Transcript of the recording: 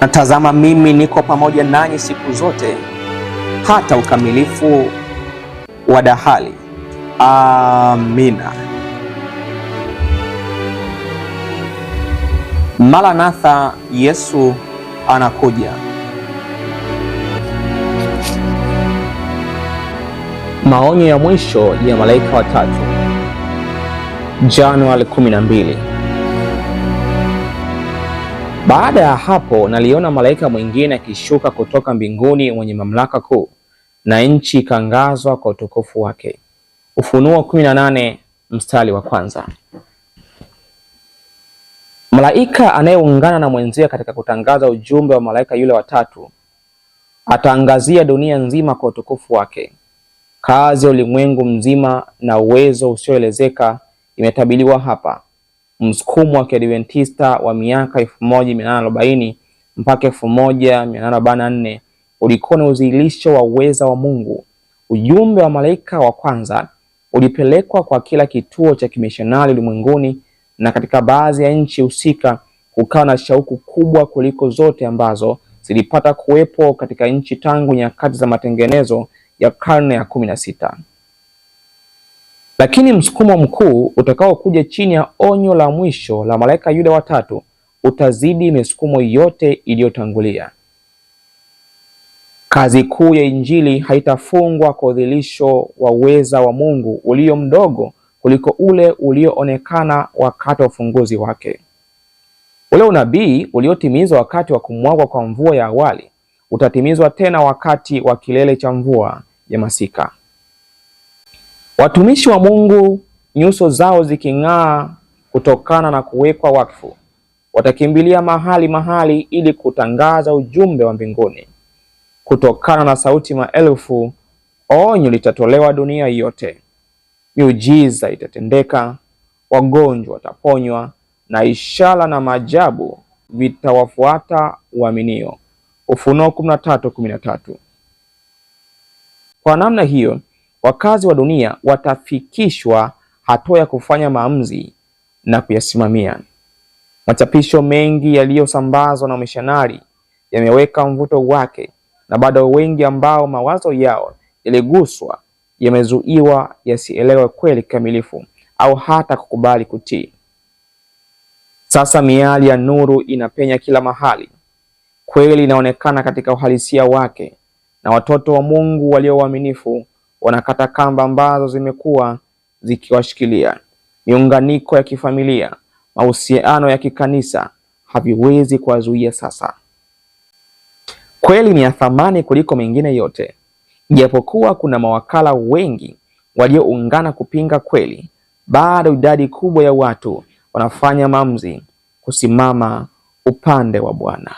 na tazama, mimi niko pamoja nanyi siku zote hata ukamilifu wa dahali. Amina. Maranatha, Yesu anakuja. Maonyo ya mwisho ya malaika watatu, Januari 12. Baada ya hapo naliona malaika mwingine akishuka kutoka mbinguni mwenye mamlaka kuu, na nchi ikangazwa kwa utukufu wake. Ufunuo 18 mstari wa kwanza. Malaika anayeungana na mwenzia katika kutangaza ujumbe wa malaika yule watatu ataangazia dunia nzima kwa utukufu wake. Kazi ya ulimwengu mzima na uwezo usioelezeka imetabiliwa hapa msukumo wa Kiadventista wa miaka elfu moja mia nane arobaini mpaka elfu moja mia nane arobaini na nne ulikuwa ni udhihirisho wa uweza wa Mungu. Ujumbe wa malaika wa kwanza ulipelekwa kwa kila kituo cha kimishonari ulimwenguni, na katika baadhi ya nchi husika kukawa na shauku kubwa kuliko zote ambazo zilipata kuwepo katika nchi tangu nyakati za matengenezo ya karne ya kumi na sita. Lakini msukumo mkuu utakaokuja chini ya onyo la mwisho la malaika Yuda watatu utazidi misukumo yote iliyotangulia. Kazi kuu ya Injili haitafungwa kwa udhilisho wa uweza wa Mungu ulio mdogo kuliko ule ulioonekana wakati wa ufunguzi wake. Ule unabii uliotimizwa wakati wa kumwagwa kwa mvua ya awali utatimizwa tena wakati wa kilele cha mvua ya masika. Watumishi wa Mungu nyuso zao ziking'aa kutokana na kuwekwa wakfu, watakimbilia mahali mahali ili kutangaza ujumbe wa mbinguni. Kutokana na sauti maelfu, onyo litatolewa dunia yote, miujiza itatendeka, wagonjwa wataponywa, na ishara na maajabu vitawafuata uaminio Ufunuo 13:13. Kwa namna hiyo wakazi wa dunia watafikishwa hatua ya kufanya maamuzi na kuyasimamia. Machapisho mengi yaliyosambazwa na wamishonari yameweka mvuto wake, na bado wengi ambao mawazo yao yaliguswa yamezuiwa yasielewe kweli kikamilifu au hata kukubali kutii. Sasa miali ya nuru inapenya kila mahali, kweli inaonekana katika uhalisia wake, na watoto wa Mungu walio waaminifu wanakata kamba ambazo zimekuwa zikiwashikilia. Miunganiko ya kifamilia, mahusiano ya kikanisa haviwezi kuwazuia sasa. Kweli ni ya thamani kuliko mengine yote, ijapokuwa kuna mawakala wengi walioungana kupinga kweli, bado idadi kubwa ya watu wanafanya maamuzi kusimama upande wa Bwana.